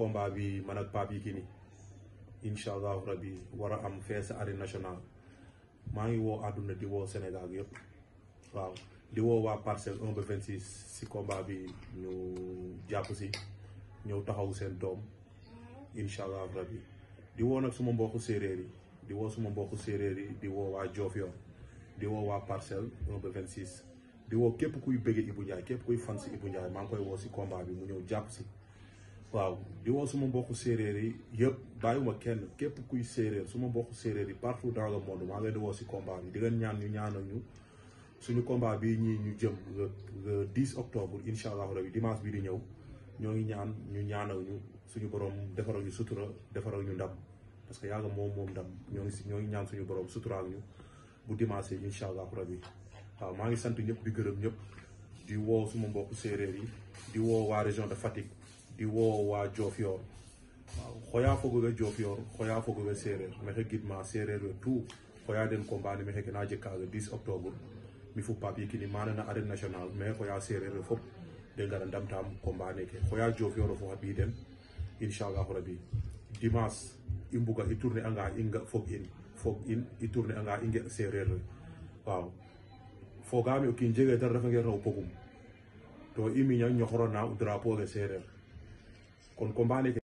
combat bi man ak yi Yekini incha allahu rabi war a am fee sa nationale maa ngi woo àdduna di woo Sénégal yëpp waaw di woo waa parcelle 1 ba 26 si komba bi ñu jàpp si ñëw taxaw seen doom incha allahu bi diwoo woo nag suma mbokku séeréer yi di woo suma mbokku séeréer yi di woo waa Diofior di woo waa parcelle 1 ba 26 di képp kuy bëgge Ibou Ndiaye képp kuy fan si Ibou Ndiaye maa ngi koy woo si combat bi mu ñëw jàpp si. waaw di woo suma mbokku séeréer yi yëpp bàyyiwuma kenn képp kuy séeréer suma mbokku séeréer yi partout dans le monde maa ngi leen di woo si combat bi di leen ñaan ñu ñaanal ñu suñu combat bi ñii ñu jëm le 10 octobre incha allahu rabi bi di ñëw ñoo ngi ñaan ñu ñaanal ñu suñu borom defaral ñu sutura defaral ñu ndam parce que yàlla moom moom ndam ñoo ngi si ñoo ngi ñaan suñu borom suturaal ñu bu dimanche yi incha allahu rabi waaw maa ngi sant ñëpp di gërëm ñëpp di woo suma mbokku séeréer yi di woo waa région de Fatick. di woo waa Diofior waaw xoyaa fogoɓe Diofior xoyaa fogoɓe séeréer maxey gidma séeréer we tout xoya den combani maxey ke na jeg kaaga octobre mi fu papier kini mana na arène national mais xoya séeréer we fop de ngara ndamtaam combat neke xoya Diofior o fo xa ɓiy den inchallahu rabi dimanche i mbuga i tourner anga i nga fog in fog in i tourner anga i dara refa ngeer na o pogum to i miña ñoxorona drapeau le séeréer con, combate.